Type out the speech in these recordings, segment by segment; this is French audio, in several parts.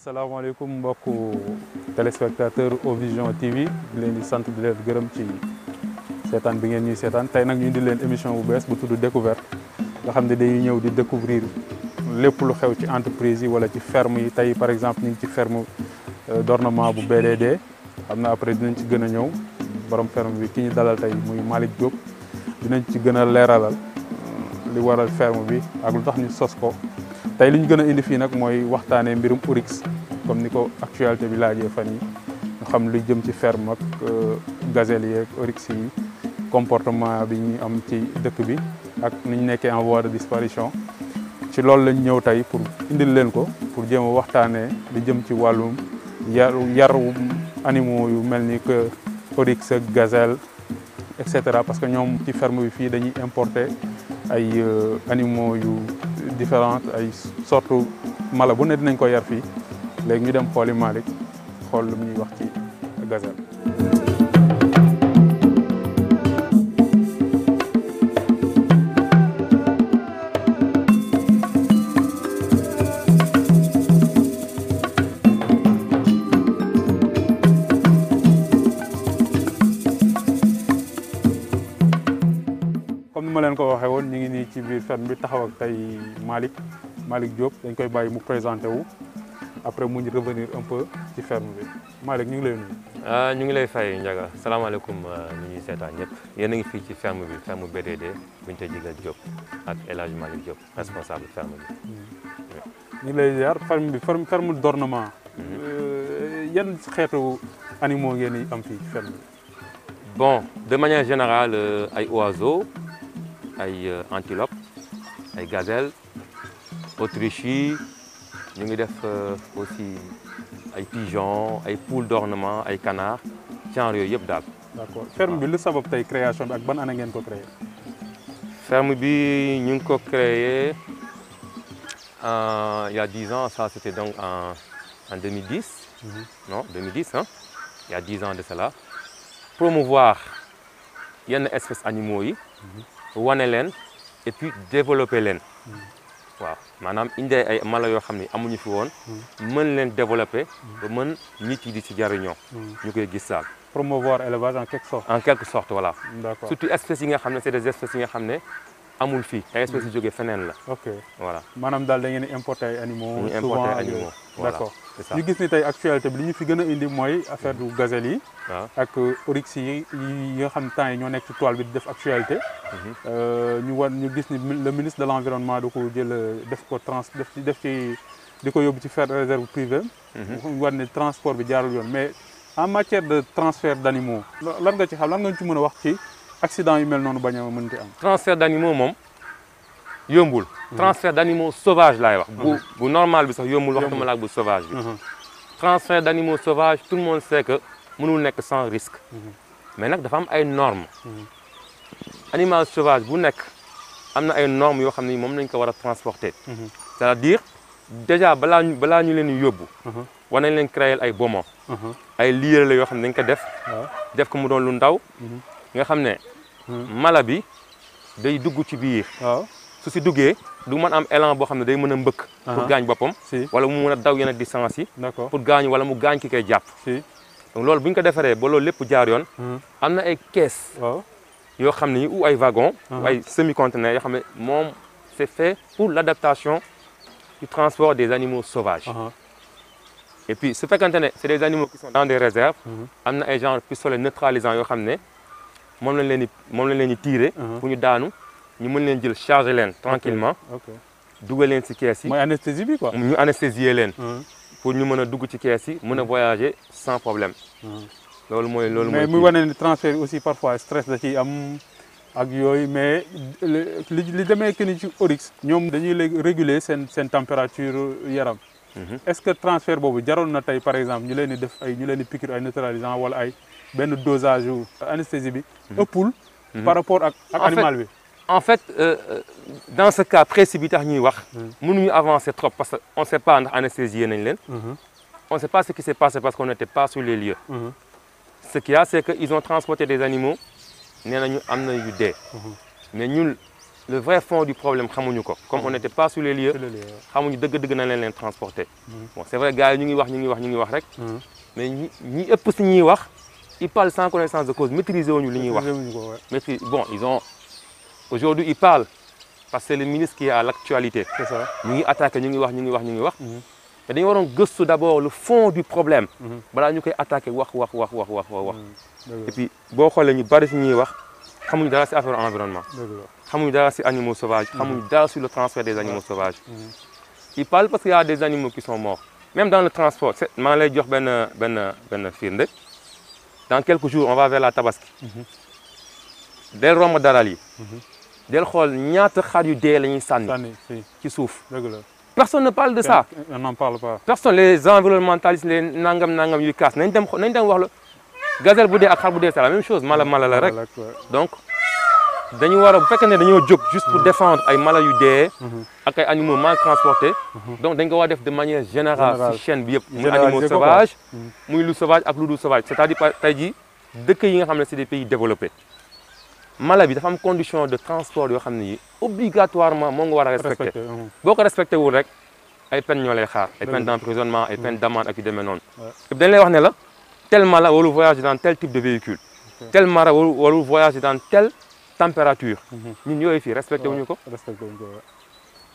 asalaama aleykum téléspectateurs téléspectateur Ovision TV di leen di sant di leen gërëm ci seetaan bi ngeen ñuy seetaan tey nag ñu di leen émission bu bees bu tudd découverte nga xam ne dañuy ñëw di découvrir lépp lu xew ci entreprise yi wala ci ferme yi tey par exemple ñu ngi ci ferme euh, d'ornement bu BDD xam na après dinañ ci gën ñëw borom ferme bi ki ñu dalal tay muy Malik Diop dinañ ci gëna léralal euh, li waral ferme bi ak lu tax ñu sos ko tay liñu gëna indi fi nak moy waxtaanee mbirum oryx comme niko actualité bi laajee fan yi ñu xam lu jëm ci ferme ak euh, gazelle yi ak oryx yi comportement bi ñu am ci dëkk bi ak niñu nekké en voie de disparition ci loolu lañ ñëw tay pour indi leen ko pour jëm a waxtaanee jëm ci wàllum yar yar animaux yu melni que oryx ak gazelle et cetera parce que ñom ci ferme bi fi dañuy importer ay euh, animaux yu différentes ay sorte mala bu ne dinañ ko yar fi léegi ñu dem xooli malik xool lu mu ñuy wax ci gazelle Malik Malick Diop dañ koy bàyyi mu présenté wu après mu ñu revenir un peu ci ferme bi Malick ñu ngi lay nuyu. Ah, ñu ngi lay fay Ndiaga salaamaaleykum ñu ah, ñuy seetaan ñëpp yéen a ngi fii ci ferme bi ferme BDD Binta Djigal Diop ak El Hadj Diop responsable ferme bi. ñu ngi lay ziar ferme bi ferme ferme d'ornement. Mhm. Euh, yan xeetu animaux ngeen di am fii ci ferme bon de manière générale euh, ay oiseaux ay euh, antilopes ay gazelles autriche nous avons ngi euh, aussi des pigeons, des poule d'ornement des canards. Tiens yooyu yëpp d'accord ferme bi lu création bi ak ban année ngeen créé. ferme bi ñu créé euh, il y a 10 ans ça c'était donc en 2010. Mhm. non 2010 hein. il y a 10 ans de cela promouvoir une espèce animaux yi. Mhm. et puis développer leen. Mhm manam indi ay mala yoo xam amuñu fi won hmm. mën leen développer. Hmm. ba mën nit yi di ci jariñoo. Hmm. ñu gis daal. promouvoir élevage en quelque sorte. en quelque sorte voilà. d'accord surtout espèces yi nga xam c'est des espèces yi nga xam ne amul fii. ay espèces yu jógee feneen la. ok voilà manam dal da ngeen importer ay animaux. souvent animaux d'accord ñu gis ni tey actualité bi li ñu fi gën a indi mooy affaire du gazelle yi. Ah. ak oryx yi yi nga xam temps yi ñoo nekk ci toile bi def actualité. Mhm. Euh, ñu wan ñu gis ni le ministre de l'environnement environnement da ko jël def ko trans def def ci di ko ci faire réserve privée. ñu mhm. wan ne transport bi jaarul yoon mais en matière de transfert d'animaux, animaux. lan nga ci xam lan nga ci mën a wax ci accident yu mel noonu bañ a mënti am. transfert d'animaux animaux yombul transfert d'animaux sauvages là, wax bu bu normal bi sax yombul waxtama la, bu sauvage bi mhm. transfert d'animaux sauvages tout le monde sait que mënul nek sans risque mhm. mais nak dafa am ay normes mhm. animal sauvage bu nek amna ay normes yo xamni mom moom ko wara transporter cest à dire déjà balaa ñu ñu leen yóbbu war nañ leen créer ay bomo ay liére la yoo xam dañ ko def def ko mu doon lu ndaw nga xam mala bi day dugg ci biir su si duggee du man am élan bo xamné day mëna mbëk pour gañ bopam wala mu mëna a daw yenn distance yi pour gañ wala mu gañ ki kay japp donc lool buñ ko defaree ba lool lépp jaar yoon hmm. amna ay caisse yo xamné ou ay wagon ou ay semi conteneur yo xamné mom c'est fait pour l'adaptation du transport des animaux sauvages et puis ce fait conteneur, c'est des animaux qui sont dans des réserves hmm. amna ay genre pistolet neutralisant yo xamné mom lañ leen di moom lañ leen di tirer pour ñu daanu ñu mën leen jël charger leen tranquillement dugal leen ci caisse yi mooy anesthésie bi quoi ñu anesthésier leen hmm. pour ñu mën a dugg ci caisse yi mën a hmm. voyager sans problème hmm. loolu mooy loolu mooy mais muy wane ne transfert aussi parfois stress da ciy am ak yooyu mais li li demee que ni ci Oryx ñoom dañuy léegi réguler seen seen température yaram mhm. est-ce que transfert boobu jaroon na tey par exemple ñu leen di def ay ñu leen di piqûre ay neutralisant wala ay benn dosage anesthésie bi mhm. ëppul mhm. par rapport ak ak animal bi en fait euh, euh, dans ce cas précipité, nous wax avancé mm-hmm. avancer trop parce qu'on ne sait pas anesthésier. Mm-hmm. on ne sait pas ce qui s'est passé parce qu'on n'était pas sur les lieux mm-hmm. ce qu'il y a c'est qu'ils ont transporté des animaux mais nañu am des mais nous, le vrai fond du problème xamuñu ko comme on n'était pas sur les lieux xamuñu avons transporté bon c'est vrai gars nous ñu ngi wax ñu ngi wax mais ñi ils parlent sans connaissance de cause maîtriser wuñu li mais bon ils ont Aujourd'hui, il parle parce que c'est le ministre qui est à l'actualité. C'est ça. Nous attaquons, nous wax, nous wax, nous wax. Mhm. Mais nous devons d'abord le fond du problème. Voilà, nous attaquer, wax, wax, wax, wax, wax, wax. Mhm. Et puis, bon, quoi, nous barrons, nous wax. Comme nous d'abord affaire environnement. Comme nous d'abord animaux sauvages. Comme nous d'abord sur le transfert des animaux sauvages. Mhm. Il parle parce qu'il y a des animaux qui sont morts. Même dans le transport, c'est malais dur ben ben ben firnde. Dans quelques jours, on va vers la Tabaski. Dès Rome d'Arali del xool ñaata xar yu dee la ñuy sànni ci suuf personne ne parle de ça on n'en parle pas personne les environnementalistes les nangam nangam yuy kaas nañ dem nañ dem wax la gazelle bu dee ak xar bu dee c'est la même chose mala mala la rek donc dañu war a bu fekkee ne juste pour mm-hmm. défendre ay mala yu dee mm-hmm. ak ay animaux mal transportés mm-hmm. donc dañ ko war def de manière générale si chaîne bi yëpp muy animaux sauvage muy lu sauvage ak lu dul sauvage c'est-à-dire tey jii dëkk yi nga xam ne c'est des pays développés mala bi dafa am condition de transport obligatoirement moo nga war a respecté hein. boo respecté rek peine d'emprisonnement ay peine mmh. d'amende ak yu Et noonu dañ lay wax ne la tel malade, vous voyager dans tel type de véhicule tel malade, vous voyagez dans telle température mmh. ñun yooyu fii wuñu ko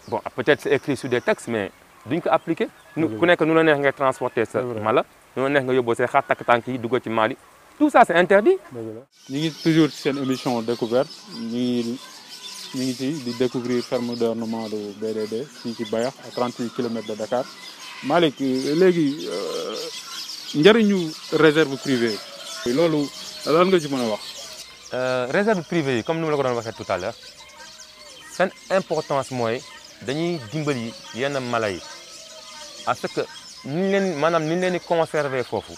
bon peut-être c'est écrit sur des textes mais duñ ko appliqué ku nekk nu la neex ngay transporter sa mala nu la neex nga yóbboo say tanki takk Mali tout ça c'est interdit. Nous avons toujours ci émission découverte Nous avons ici ngi découvrir ferme d'ornement de BDD qui est à 38 km de Dakar nous avons une réserve privée loolu lan nga ci mën a euh, réserve privée comme nous l'avons dit tout à l'heure une importance mooy dañuy dimbali yenn mala yi à ce que ni ñu leen maanaam ni leen conserver foofu.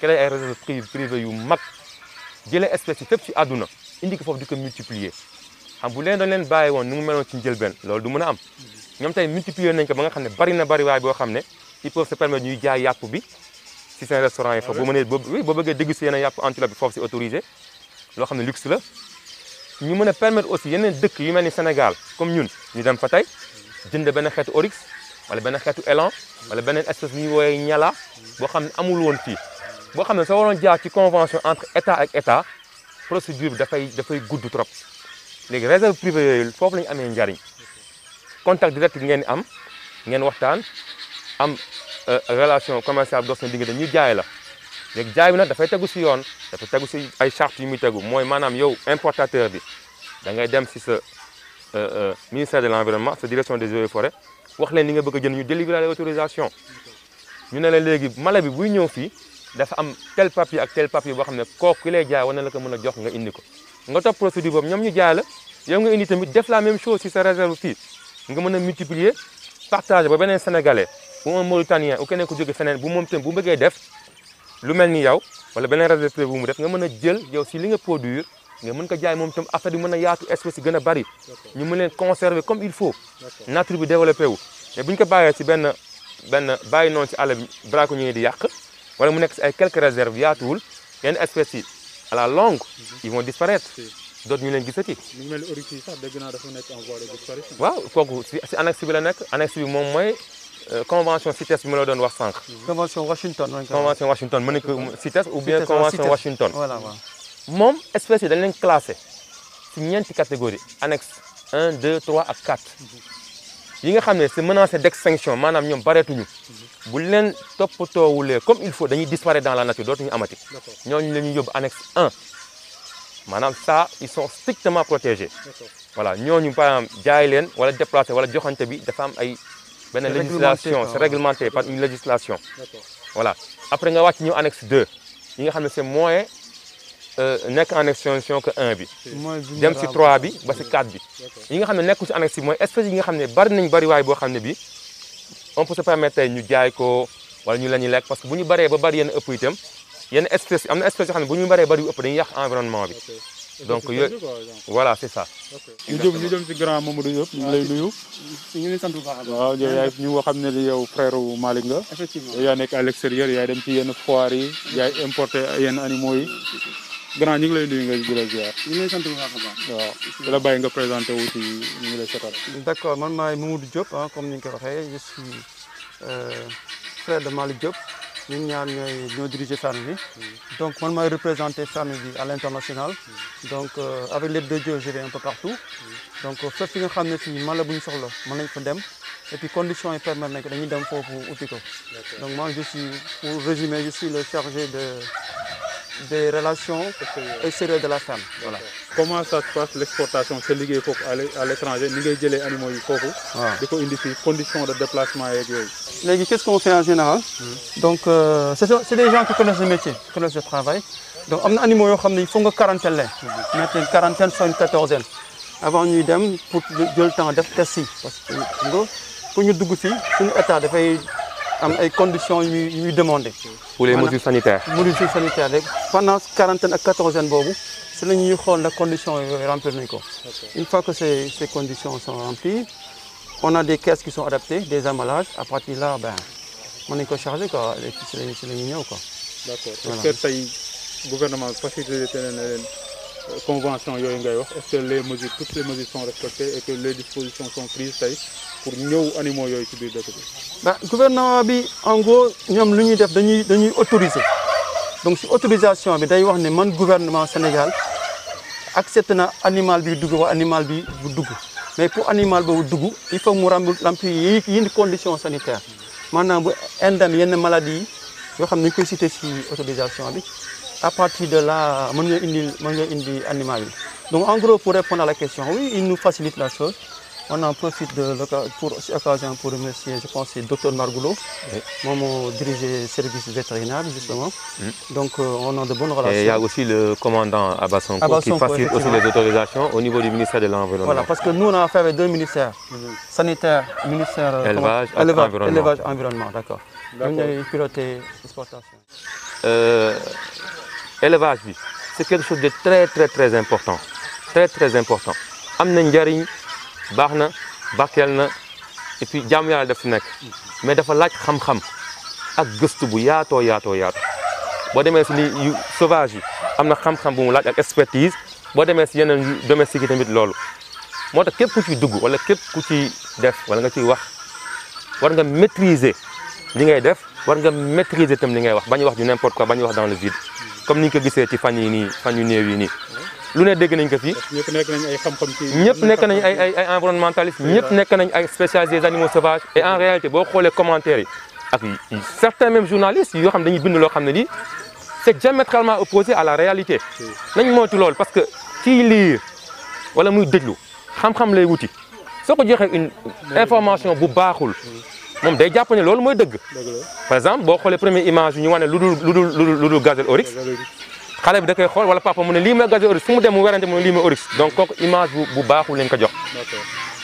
créer ay réserve privé yu mag jëlé espèces yi fépp ci aduna indi ko fofu di ko multiplier xam bu leen doon leen bàyyi woon ni mu meloon ci njëlbeen loolu du mën a am ñoom tey multiplier nañ ko ba nga xam ne bari na bari waay boo xam ne ils peuvent se permettre ñuy jaay yàpp bi ci seen restaurant yi fa ah bu mënee oui boo bëggee déguster yeneen yàpp antilope bi foofu c'est autorisé loo xam ne luxe la ñu mën a permettre aussi yeneen dëkk yu mel ni Sénégal comme ñun ñu dem fa tey jënd benn xeetu oryx wala benn xeetu élan wala beneen espèce ñuy woowee ñala boo xam ne amul woon fii bo xamné sa soo waroon jaar ci convention entre état ak état procédure fay da fay goudou trop léegi réserve privée yooyu foofu lañ amé amee njariñ contact direct ngeen am ngén waxtaan am euh, relation commerciale dox na diggante ñu jaay la léegi jaay bi nag dafay tegu si yoon fay tegu ci ay charte yu muy tegu moy manam yow importateur bi da ngay dem si euh, euh ministère de l'environnement environnement sa direction des eaux et forêts wax leen ni nga bëgg a jënd ñu délivrer l'autorisation ñu ne la léegi mala bi buy ñëw fii dafa am tel papier ak tel papier boo xam ne kooku ki lay jaay war na la ko mën a jox nga indi ko nga topp procédure boobu ñoom ñu jaay la yow nga indi tamit def la même chose si sa réserve fii nga mën a multiplier partager ba beneen sénégalais ou un mauritanien ou keneen ku jóge feneen bu moom tamit bu bëggee def lu mel ni yow wala beneen réserve bu mu def nga mën a jël yow si li nga produire nga mën ko jaay moom tam affaire bi mën a yaatu espèce yi gën a bari ñu mën leen conserver comme il faut nature bi développé wu mais bu ñu ko bàyyee si benn benn bàyyi noonu si àll bi braako ñu di yàq il y a quelques ay quelques réserves a des espèces à la longue mhm. ils vont disparaître d'autres ñu leen gisati. ñu mel ni orifice sax dégg naa dafa nekk en de waaw si si bi la euh, convention CITES bi ma donne doon wax mhm. convention Washington. convention Washington mën CITES ou bien convention Washington. voilà waaw moom espèces yi dañ leen classé une catégorie annexe 1 2 3 à 4 yi nga xam ne c'est menacé d'extinction maanaam ñoom bareetuñu bu leen wulé comme il faut dañuy disparaître dans la nature ñu amati ñooñu la ñuy yóbbu annexe 1 manam ça ils sont strictement protégés voilà ñooñu par exemple jaay leen wala déplacé wala joxante bi dafa am ay benn législation c'est réglementé par une législation voilà après nga wacc ñu annexe 2 yi nga xamné c'est moyen euh, nek en extension que 1 bi. dem ci 3 bi ba ci 4 bi. yi nga xamné ne ci si annexe bi mooy espèces yi nga xamné bar nañ bari way bo xamné bi on peut se permettre ñu jaay ko wala ñu lañu lek parce que bu ñu baree ba bari yenn ëpp itam yenn espèce amna espèce espèces yoo xam ne bu ñu baree bari ëpp dañ yàq environnement bi. donc voilà c'est ça. ñu jëm ñu jëm si grand Mamadou Diop ñu lay nuyu. ñu ngi sant bu baax waaw yaay ñu nga xam ne yow frère Malik nga. effectivement yaa nekk à l'extérieur yaay dem ci yenn foire yi. yaay importer yenn animaux yi grand ñing lay nuyu nga di la ziar. ñu lay sant bu baax a baax. waaw la bàyyi nga présenté wu ci ñu ngi lay sétal d'accord man maay Mamadou Diop hein comme ni nga ko waxee je suis euh frère de Malick Diop ñun ñaar ñooy ñoo diriger famille bi. Mm. donc man maay représenté famille bi à l' international. Mm. donc euh, avec les de dieu je vais un peu partout. Mm. donc euh, fépp fi nga xam ne fii man la bu ñu soxla mën nañ fa dem. et puis conditions yi permettre nañ dañuy dem foofu uti ko. donc moi je suis pour résumer je suis le chargé de des relations et extérieures de la femme. Voilà. Comment ça se passe l'exportation C'est lié à l'étranger, les animaux, les ah. conditions de déplacement. Qu'est-ce qu'on fait en général hmm. Donc, euh, c'est des gens qui connaissent le métier, qui connaissent le travail. Donc, on a des animaux qui font une quarantaine, une quarantaine, soit une quatorzaine. Avant, nous dem pour le temps de tester. Parce que, pour nous, nous sommes en état les conditions yu ñuy pour les modules sanitaires. mesures sanitaires pendant quarantaine à quatorzaine boobu c'est la ñuy est remplie. conditions une fois que ces conditions sont remplies on a des caisses qui sont adaptées des emballages à partir de là ben est chargé, ko le quoi les, c'est quoi. d'accord est-ce que tey gouvernement facilité euh, convention yoy ngay wax est-ce que les mesures toutes les mesures sont respectées et que les dispositions sont prises pour les animaux yoy ci biir dëkk bi. Bah, gouvernement bi en gros ñom lu ñuy def dañuy dañuy autoriser donc si autorisation bi day wax ne man gouvernement Sénégal accepte na animal bi dugg wa animal bi bu dugg mais pour animal boobu dugg il faut mu remplir yi yi conditions sanitaires maintenant bu y yenn une yo xamni koy cité si autorisation bi à partir de là, mon animal. Donc en gros, pour répondre à la question, oui, il nous facilite la chose. On en profite de pour pour remercier, je pense, le docteur Margoulot, moi mon dirigé service vétérinaire, justement. Mm. Donc euh, on a de bonnes relations. Et il y a aussi le commandant Abassonko, qui facilite aussi les autorisations au niveau du ministère de l'Environnement. Voilà, parce que nous, on a affaire avec deux ministères, sanitaire, ministère euh, élevage, élevage, environnement. Élevage, environnement, d'accord. Nous, on a piloté Euh, élevage bi c'est quelque chose de très très très important très très important am na njariñ baxna na na et puis jaamu yàlla daf nek mais dafa laaj xam-xam ak geste bu yaatoo yaatoo yaatoo bo demee ci ni sauvage yi am na xam-xam bu mu laaj ak expertise bo demee ci yenen domestique tamit lolu motax tax ku ci dugg wala képp ku ci def wala nga ci wax war nga maîtriser li ngay def war nga maîtriser tam li ngay wax bañ wax du n'importe quoi bañ wax dans le vide comme ni ñu ko gisee ci ni yi nii fan yu néew yi nii lu ne dégg nañ ko fi ñëpp nekk nañ ay xam-xam ci ñëpp nekk nañ ay ay ay environnementaliste ñëpp nañ ay spécialistes des animaux sauvages et en réalité boo xoolee commentaires ak certains même journalistes yoo xam dañuy bind loo xam ne c'est diamétralement opposé à la réalité nañ moytu loolu parce que kiy liir wala muy déglu xam-xam lay wuti soo ko joxee une information bu baaxul mom day japp ne lolou moy deug par exemple bo xolé première image yi ñu wone ludul ludul ludul dul gazel oryx. xalé bi da kay xol wala papa mu ne lii mooy gazel oryx fu mu dem mu werante mu ne lii oryx donc kok image bu bu baaxul lañ ko jox.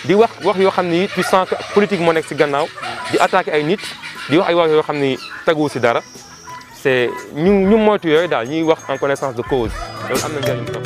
di wax wax yo xamni ni tu politique mo nek ci gannaaw. di attaquer ay nit di wax ay wax yo xamni tagu ci dara. c'est ñu ñu moytu yoy daal ñuy wax en connaissance de cause donc am na njëriñ trop.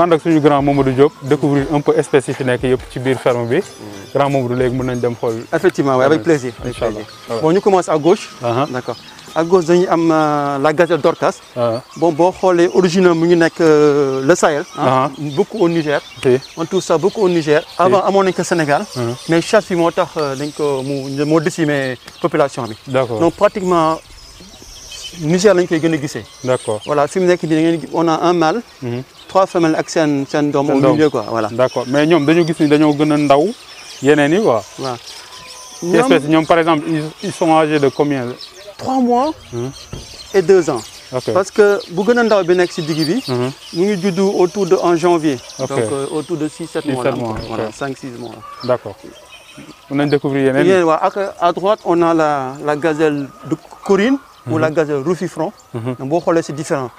ànd ak suñu grand Mamadou Diop découvrir un peu espèces yi fi nekk yëpp ci biir ferme bi grand Mamadou de mën nañ dem xool effectivement oui avec plaisir avec plaisir bon ñu commence à gauche uh-huh. D'accord. à gauche dañuy am euh, la gazelle d'Orcas uh-huh. bon boo xoolee origine mu ngi nekk euh, le Sahel hein. uh-huh. beaucoup au Niger on trouve ça beaucoup au Niger avant amoon nañ ko Sénégal mais chaque fois, moo tax euh, dañ ko mu moo population bi donc pratiquement Niger lañ koy gën a D'accord. voilà fi mu nekk nii on a un mâle trois femelles ak sen au milieu d'accord mais ñom dañu gis ni dañu gëna ndaw par exemple ils, sont âgés de combien Trois mois hum. et deux ans parce que bu gëna ndaw bi nek ci digi bi hum. ngi autour de en janvier donc euh, autour de 6 7 mois, 5 6 mois d'accord on a découvert yeneen à droite on a la gazelle de Corine ou hum. la gazelle Rufifron c'est différent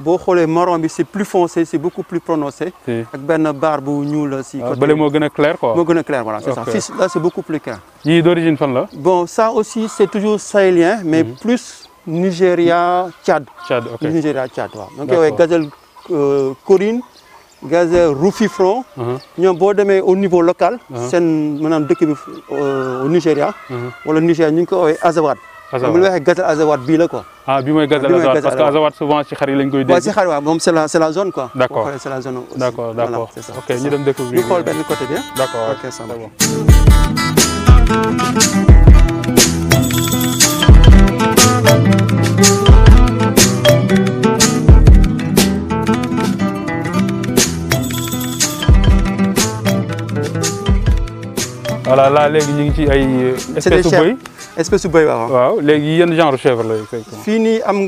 boo marron c'est plus foncé c'est beaucoup plus prononcé. avec une barbe bu ñuul si. Ah, côté bële moo clair quoi. c'est gën clair voilà c'est ça là c'est beaucoup plus clair. est d'origine fan là. bon ça aussi c'est toujours sahélien mais mhm. plus Nigéria Tchad. Tchad ok Nigéria Tchad voilà. donc yooyu gazelle euh, corine gazelle roufifron. Mhm. ñoom boo mais au niveau local. c'est mhm. maanaam dëkk bi euh, au Nigéria. wala Nigéria ñu ko woowee azawad. azawad amul waxee gaz azawad bii la quoi. ah bii mooy gaz azawad parce que azawad souvent ci xar yi lañ koy dégg. waaw ci xar waaw moom c'est la c'est la zone quoi. d'accord boo xoolee c'est la zone aussi. d'accord d'accord ok ñu dem découvrir. ñu xool benn côté bi ah. d'accord ok ça va. voilà là léegi ñu ngi ci ay. espèces bëy espèce de béy waaw. waaw léegi genre chèvre la il y am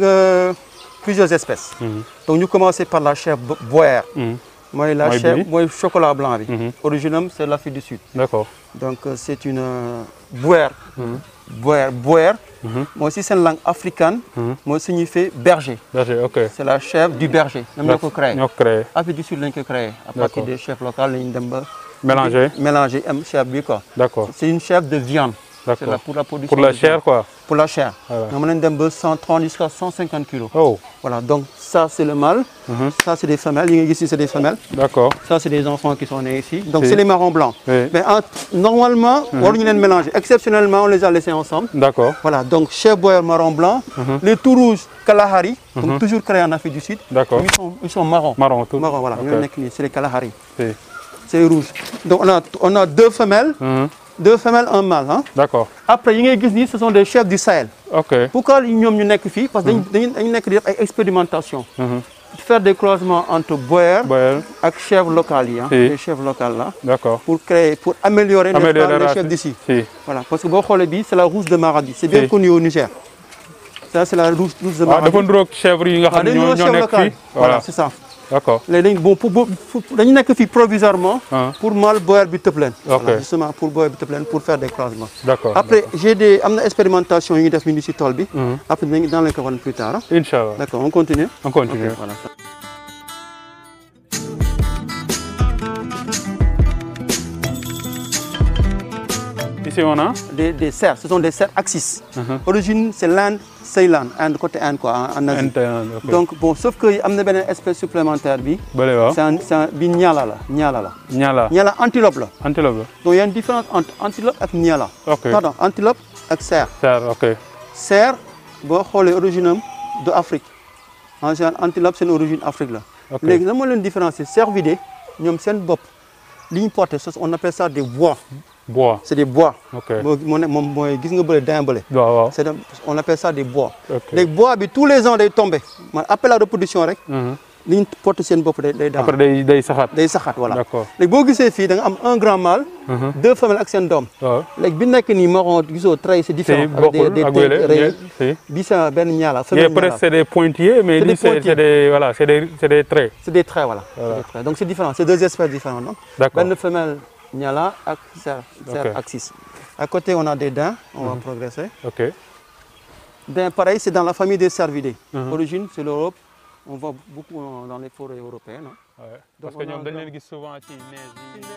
plusieurs espèces. Mhm. donc nous commençons par la chèvre boère. Mhm. moi la chèvre moi, chocolat blanc bi. Mhm. origine c'est l'Afrique du Sud. d'accord donc euh, c'est une euh, boère. boère Moi aussi, c'est une langue africaine. Moi signifie berger. berger ok c'est la chèvre du berger. ñoom ñoo ko créé créé. Afrique du Sud lañ ko créé. à partir des chèvres locales lañ dem mélangé. mélanger mélanger am chèvre quoi. d'accord c'est une chèvre de viande pour la chair, quoi Pour la chair. Voilà. Normalement, 130 jusqu'à 150 kg. Voilà, donc ça, c'est le mâle. Mhm. Ça, c'est des femelles. Ici, c'est des femelles. D'accord. Ça, c'est des enfants qui sont nés ici. Donc, c'est les marrons blancs. Mais normalement, on mhm. les mélange. Exceptionnellement, on les a laissés ensemble. D'accord. Voilà, donc chair boyer marron blanc, mhm. les tout rouges Kalahari, comme toujours créé en Afrique du Sud. D'accord. Ils sont, ils sont marrons. Marrons, tout. Marrons, voilà. C'est les Kalahari. C'est rouge. Donc, on on a deux femelles deux femelles, un mâle. Hein? D'accord. Après, ce sont des chefs du Sahel. Ok. Pourquoi ils sont ici Parce qu'ils mm -hmm. ont une expérimentation. hum. -hmm. Faire des croisements entre boers et chèvres locales. Hein? Les chèvres locales là. D'accord. Pour créer, pour améliorer, améliorer les chefs d'ici. Si. Voilà. Parce que c'est la rousse de Maradi. C'est bien connu au Niger. Ça, c'est la rousse, de ah, Maradi. Ah, de chèvres, ah, chèvres locales. Voilà, voilà c'est ça d'accord Les dañ bon pour dañu nekk fii provisoirement. Ah. pour mal boire bi plein. leen. voilà justement pour boire bi plein pour faire des croisements. d'accord après j'ai des am expérimentation yu ñu def ñu si bi. Mhm. après dans daan leen plus tard. Ah. Inch'Allah d'accord on continue. on continue voilà. on hein? des, cerfs. Ce sont des cerfs axis. Uh-huh. Origine, c'est l'Inde, Ceylan, Inde, côté Inde, quoi, hein, en, Asie. Donc, bon, sauf qu'il y a une espèce supplémentaire. C'est un, un nyala, là. Nyala, là. Nyala. Nyala, antilope, là. Donc, il y a une différence entre antilope et nyala. Pardon, antilope et cerf. Cerf, ok. Cerf, bon, c'est l'origine de Afrique. antilope, c'est origine Afrique, là. Okay. différence, c'est cerf ils ont une bop. on appelle ça des voies bois c'est des bois. Mon moom mooy gis nga on appelle ça des bois. ok bois bi tous les ans ils tombent. man la reproduction rek. Mhm. li ñu porte seen bopp day day après des des saxaat Des saxaat voilà. Les bois léegi boo gisee da am un grand mâle. Mhm. deux femelles ak seen homme. waaw léegi bi nekk nii marron gisoo trait c' différent. bokkul des des des tey ben sa benn ñaala. des pointillés mais c'est c'est des voilà des c'est des traits c'est des traits. voilà, des traits voilà. donc c'est différent C'est deux espèces différentes Ben d' accord femelle. Niala, Axis. À côté, on a des dents, on va mhm. progresser. Ok. pareil, c'est dans la famille des cervidés. Mhm. Origine, c'est l'Europe. On voit beaucoup dans les forêts européennes. Hein. Ouais. Parce que nous, on a, on souvent à neige.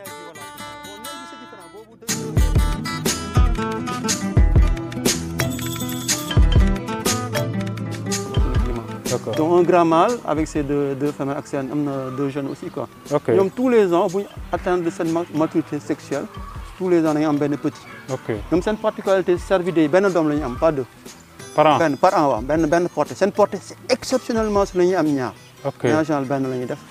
Donc un grand mâle avec ces deux, femmes, femelles deux jeunes aussi quoi. Donc tous les ans pour atteindre cette maturité sexuelle tous les ans dañu a un petit. Donc cette particularité c'est yi benn des la pas deux. par an par an ben ben porté. portée une portée c'est exceptionnellement ce la ñuy am ñaar. ñaar genre benn la def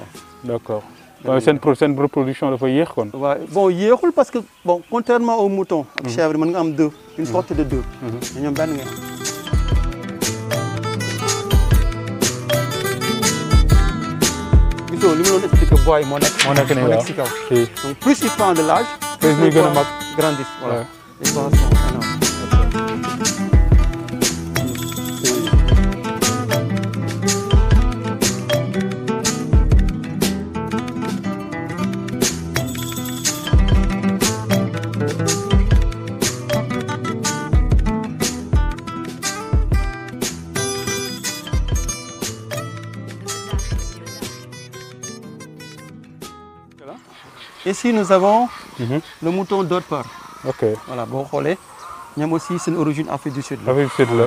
d'accord une cette reproduction, reproduction de yéex kon. Ouais. bon yéexul parce que bon contrairement au mouton. et mhm. chèvre mën nga am deux. une mhm. portée de deux. Mhm. ñoom benn nga deux. plutôt li ma doon expliqué booy moo nekk. moo nekk nii waaw si kaw. donc plus ils prennent de l'âge plus muy gën a mag grandissent voilà. Ici, nous avons mhm. le mouton d'Orpar. Ok. Voilà, bon relais. avons aussi une origine Afrique du Sud là. Afrique du Sud là.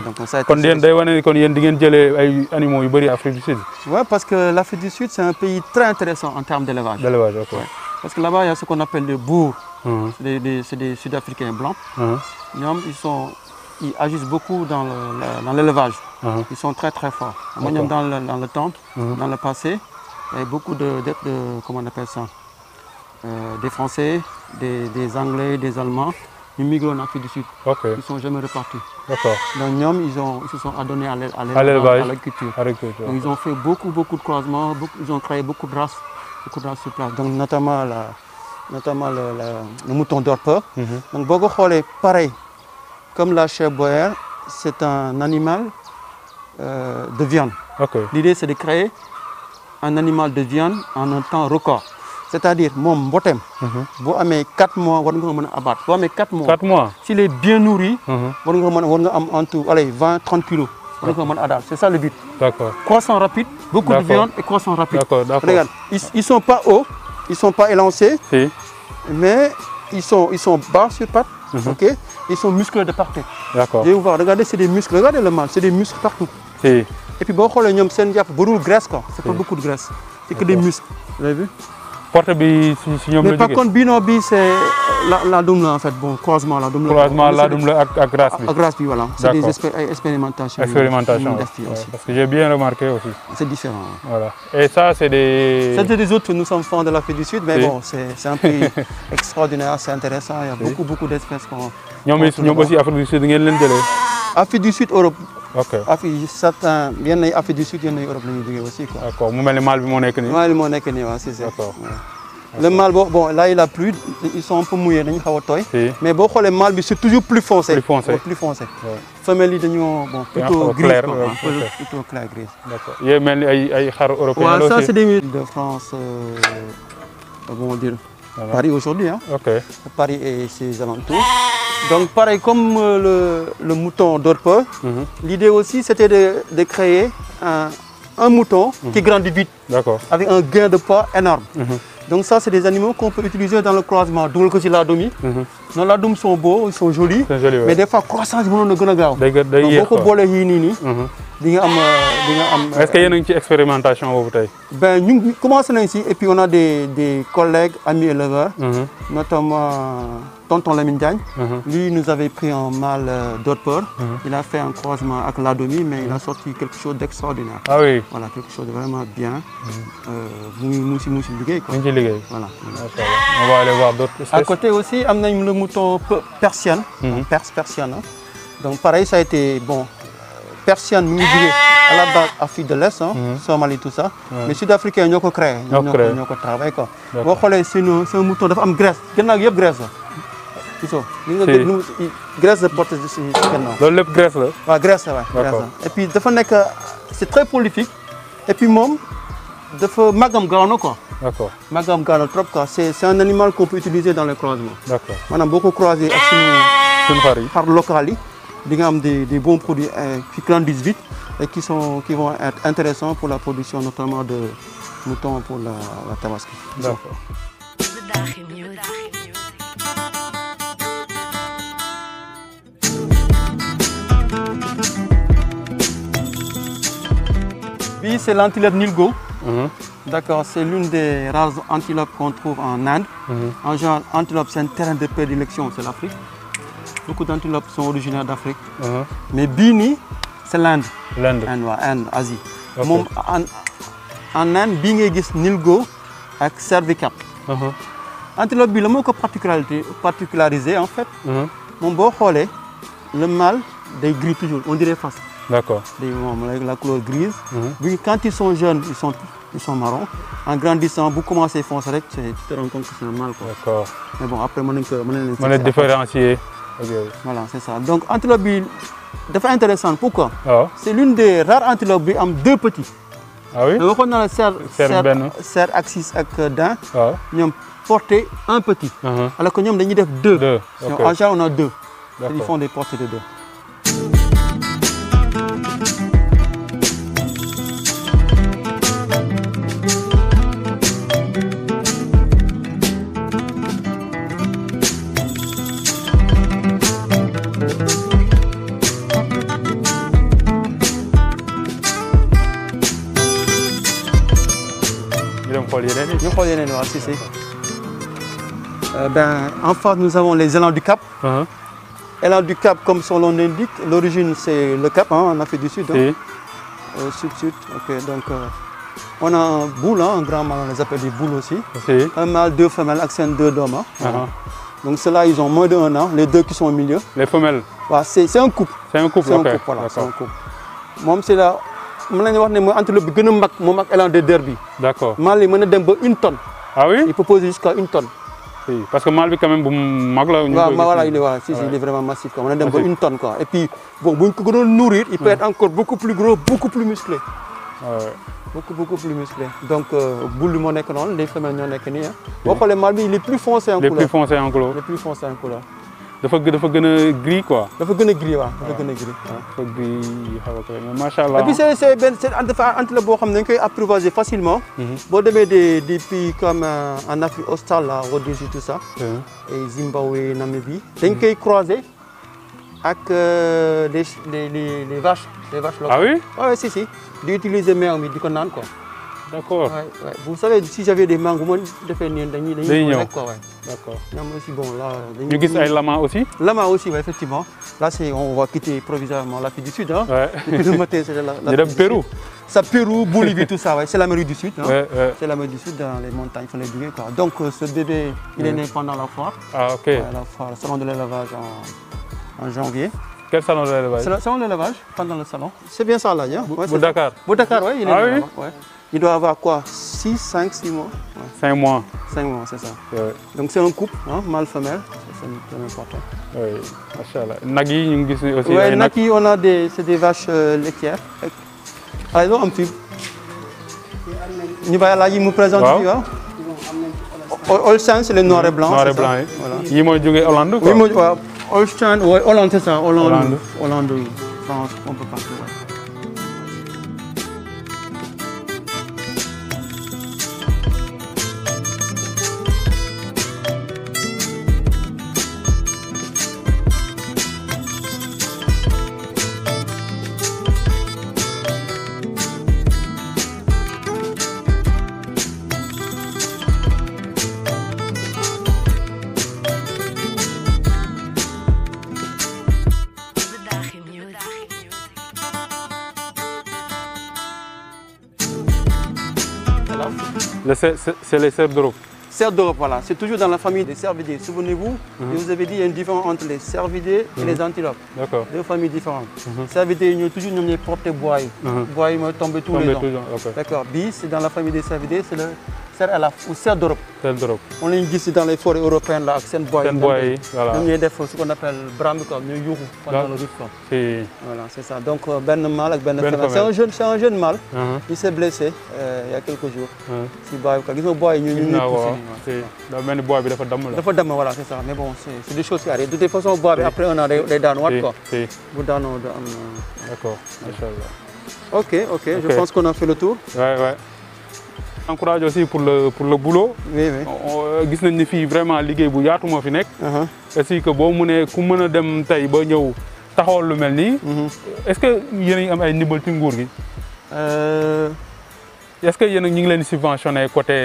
animaux du Sud. Oui, parce que l'Afrique du Sud c'est un pays très intéressant en termes d'élevage. parce que là-bas il y' a ce qu'on appelle le bourgs. Mhm. c'est des Sud-Africains blancs. Mhm. ils sont ils agissent beaucoup dans l'élevage. ils sont très très forts. Moi, dans le temps. dans le passé Il y' a beaucoup de comment on appelle ça. Euh, des Français, des, Anglais, des Allemands. Ils migrent en Afrique du Sud. Ils ne sont jamais repartis. Donc, ils, se sont adonnés à l'agriculture. ils ont fait beaucoup, beaucoup de croisements. ils ont créé beaucoup de races, beaucoup de races sur place. Donc, notamment, le, mouton d'Orpeur. Mhm. Donc, est pareil. Comme la chèvre boer, c'est un animal euh, de viande. L'idée, c'est de créer un animal de viande en un temps record c'est-à-dire mon botem vous avez 4 mois vous nga abattre 4 mois. 4 mois s'il est bien nourri. Mhm. war nga en tout 20 30 kilos. c'est ça le but. d'accord croissant rapide. beaucoup de viande et croissant rapide. d'accord d'accord regarde ils ne sont pas hauts ils sont pas élancés. mais ils sont ils sont bas sur pattes. Mhm. ok ils sont musclés de partout. d'accord voir regardez c'est des muscles regardez le mâle c'est des muscles partout. et puis quand xoolee s'en seen beaucoup de graisse quoi. c'est pas beaucoup de graisse c'est que des muscles. vous avez vu mais par contre bino bi c'est la dumle en fait bon croisement la la. croisement la ak à race bi. ak voilà. des expérimentations. expérimentations parce que j'ai bien remarqué aussi. C'est différent. voilà et ça c'est des. C'est des autres nous sommes fans de l'Afrique du Sud mais bon c'est un pays extraordinaire c'est intéressant il y a beaucoup beaucoup d'espèces. ñom ñom aussi Afrique du Sud ngeen leen Afrique du Sud Europe ok Afrique du Sud aussi quoi. ça. le mal bon là il a plus, ils sont un peu mouillés mais les mâle c'est toujours plus foncé. plus foncé plus foncé. femelle bon. plutôt gris quoi plutôt clair gris. D'accord. mel les ay ay xar ça c'est des de France euh, comment dire. Paris aujourd'hui. Hein. Paris et ses alentours. Donc pareil, comme euh, le, mouton d'Orpe, mhm. l'idée aussi c'était de, créer un, mouton qui mhm. grandit vite, avec un gain de poids énorme. Mhm. Donc ça, c'est des animaux qu'on peut utiliser dans le croisement. D'où le côté la domi. Mhm. la sont beaux, ils sont jolis. Mais des fois, croissance, ils vont sont pas les ni ni. est-ce qu'il y a une expérimentation au tey. ben nous commençons ici et puis on a des des collègues amis éleveurs. Mhm. notamment. Tonton Lamine uh-huh. Lui, nous avait pris en mal euh, d'autres Uh uh-huh. Il a fait un croisement avec la demi, mais il a sorti quelque chose d'extraordinaire. Ah oui Voilà, quelque chose de vraiment bien. Vous uh-huh. euh, Voilà. On va aller voir d'autres espèces. À côté aussi, on a le mouton persienne, pers, persienne. Hein. Donc pareil, ça a été, bon, euh, persienne, musulmane, à la base, Afrique de l'Est, hein, et tout ça. Mais sud-africain, ils ont créé, Travail, avons travaillé. C'est un mouton, il a graisse, il y a graisse gisoo li nga gën ñu graisse de porte si gannaaw loolu lépp graisse la waaw ah, graisse la waaw graisse la et puis dafa nekk c'est très politique et puis mom dafa màggam gaaw na quoi d'accord magam gaaw na trop quoi c'est c'est un animal qu'on peut utiliser dans les croisements d'accord maanaam beaucoup ko croisé ak suñu suñu xar yi xar local des des bons produits eh, qui grandissent vite et qui sont qui vont être intéressants pour la production notamment de mouton pour la la tabaski d'accord c'est l'antilope Nilgo. Mhm. D'accord, c'est l'une des rares antilopes qu'on trouve en Inde. Mhm. En général, antilope, c'est un terrain de prédilection, c'est l'Afrique. Beaucoup d'antilopes sont originaires d'Afrique. Mhm. Mais Bini, c'est l'Inde. L'Inde. Inde, Asie. en Inde Bini existe Nilgo avec antilope bi la particularisé en fait. Mon beau le mâle des gris toujours on dirait face. D'accord. Avec la couleur grise. Mhm. Quand ils sont jeunes, ils sont, ils sont marrons. En grandissant, vous commencez à foncer, tu te rends compte que c'est normal. D'accord. Mais bon, après, on les différencier. Voilà, c'est ça. Donc, antilope, c'est intéressant. Pourquoi ah. C'est l'une des rares antilopes qui a deux petits. Ah oui Donc, on a le cerf, axis avec dents, Nous ah. Ils ont porté un petit. Uh-huh. Alors que nous, on a deux. en général, on a deux. Ils font des portées de deux. Enfin, euh, ben, en nous avons les élans du Cap. Uh Élans du Cap, comme son nom l'indique, l'origine c'est le Cap hein, en Afrique du Sud. sud-sud, hein. Donc, euh, on a un boule, hein, un grand mâle, on les appelle des boules aussi. Un mâle, deux femelles, accent deux d'hommes. Hein. Uh-huh. Donc ceux-là, ils ont moins d'un an, les deux qui sont au milieu. Les femelles C'est un couple. C'est un couple, C'est un couple, c'est là, mën nañu wax ne mooy antilope bi gën mag moom ak élan de derby. D'accord. d' accord mâle yi dem ba une tonne. ah oui il peut poser jusqu'à une tonne. oui parce que mâle bi quand même bu mag la. ñu waaw voilà il est voilà si si il est vraiment massif quoi On na dem ba une tonne quoi et puis bon bu ñu ko gënoon nourrir. il peut être encore beaucoup plus gros beaucoup plus musclé. beaucoup beaucoup plus musclé. donc euh, boule bi moo nekk noonu les femelles ñoo nekk ni. ah. Hein. boo xoolee mâle bi il est plus foncé en couleur. il est plus foncé en couleur. il est plus foncé en couleur dafa dafa gëna gris quoi. dafa gëna gris wa dafa gëna gris. Ah, dafa gris xaw ko mais macha allah. et puis c'est c'est ben c'est entre entre bo xam ne dañ koy facilement. Mhm. bo démé des des pays comme euh, en Afrique australe la Rhodésie tout ça. et Zimbabwe Namibie. dañ koy croiser ak euh, les les les vaches les vaches locales. ah oui ouais si si d'utiliser utiliser meew mi di quoi. D'accord. Vous savez, si j'avais des mangos, moi, je fais des mangues. D'accord. D'accord. aussi, bon, là. Vous avons des aussi Lama aussi, oui, effectivement. Là, on va quitter provisoirement l'Afrique du Sud. Hein. Ouais. le matin, c'est la. du Pérou Ça, Pérou, Bolivie, tout ça, ouais. C'est l'Amérique du Sud. Hein. Ouais, C'est l'Amérique du Sud dans les montagnes, Il les bien Donc, euh, ce bébé, il est né pendant la foire. Ah, ok. la foire, le salon de l'élevage en, janvier. Quel salon de l'élevage Salon de l'élevage, pendant le salon. C'est bien ça, là, hein. Boudakar. Dakar, oui, il est ah né. là. oui? Il doit avoir quoi 6, 5, 6 mois 5 mois. 5 mois, c'est ça. Ouais. Donc c'est un couple, hein, mâle-femelle, c'est important. Oui, Nagi, aussi. Oui, Naki, on a des, c'est des vaches euh, laitières. Allez, ah, y un petit. Nous allons vous présenter, wow. tu vois Holstein, c'est le noir et blanc. Noir et blanc, oui. Voilà. Il m'a dit Hollande, quoi Oui, Holstein, Hollande, c'est ça. Hollande, Hollande, France, on peut partir, C'est les cerfs d'Europe d'Europe, voilà. C'est toujours dans la famille des cervidés. Souvenez-vous, mhm. je vous avais dit qu'il y a une différence entre les cervidés et mhm. les antilopes. D'accord. Deux familles différentes. Cervidés, mhm. ils ont toujours nommé propre bois. Bois, ils tombé tous les ans. D'accord. Bis, c'est dans la famille des cervidés, c'est le serre à la ou serre d'Europe. serre d'Europe On les ñu dans les forêts européennes là, avec seen. seen bois yi voilà Nous ñooy def ce qu'on appelle nous ñooy yuuxu. pendant le ruption. si voilà c'est ça donc euh, Ben Mal, ak Ben, benn femelle c'est un jeune c'est un jeune mâle. Uh-huh. il s'est blessé euh, il y a quelques jours. Uh-huh. si bois bi gis nga bois yi ñu ñu. waaw waaw si dafa mel ni bois bi dafa damm la. dafa damm voilà c'est ça mais bon c'est c'est des choses qui arrivent de toute façon bois bi après un an les, day quoi. si si bu daanoo d'accord ok ok je pense qu'on a fait le tour. ouais ouais encourage aussi pour le pour le boulot. oui oui euh, gis nañ ni fii vraiment liggéey bu yaatu moo fi nekk. aussi uh-huh. que boo mënee ku meuna dem tay ba ñew taxawal lu melni. Mm-hmm. est-ce que yene a am ay ndimbal ci nguur gi. Euh. est-ce que yene ñu ngi leen subventionné côté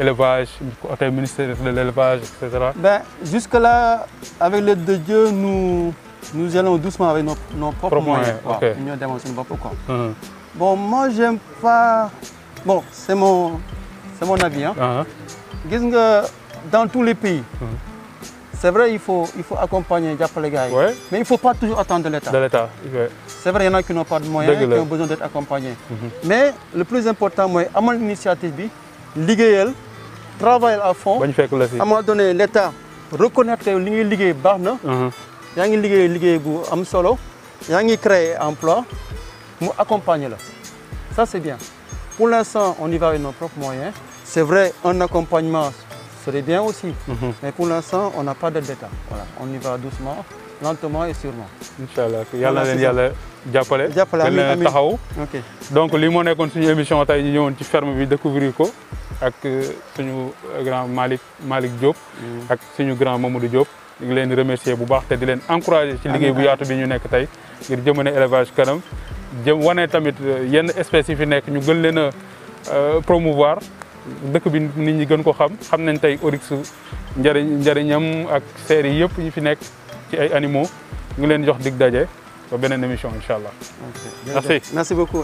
élevage côté ministère de l'élevage etc. ben jusque là avec l'aide de Dieu nous nous allons doucement avec nos nos propres moyens. Nous ñoo demoon suñu bopp quoi. Uh-huh. bon moi j'aime pas bon c'est mon c'est avis hein. ah, ah. dans tous les pays. Ah. c'est vrai il faut il faut accompagner les gars mais il faut pas toujours attendre l'État. c'est vrai y en a qui n'ont pas de moyens. qui ont besoin d'être accompagnés. Mhm. mais le plus important à mon initiative bi travailler à fond. à l'État reconnaître que ligue mhm. Y solo emploi accompagner ça c'est bien pour l'instant, on y va avec nos propres moyens. C'est vrai, un accompagnement serait bien aussi, mhm. mais pour l'instant, on n'a pas d'aide d'État. on y va doucement, lentement et sûrement. Inch'Allah. donc les moo continuent suñu émission ci ferme bi découvrir Avec ak euh, grand Malik Malik Diop. Mhm. ak suñu grand mamou Diop. Je vous remercie beaucoup. remercier bu baax à di leen encourager. ci liggéey bu yaatu bi élevage jëm wane tamit euh, yenn espèces yi fi nekk ñu gën leen a euh, promouvoir dëkk bi nit ñi gën ko xam xam nañ tey oryx njëriñ njëriñam ak seer yi yëpp yi fi nekk ci ay animaux ñu leen jox dig daje ba beneen émission incha allah. merci merci beaucoup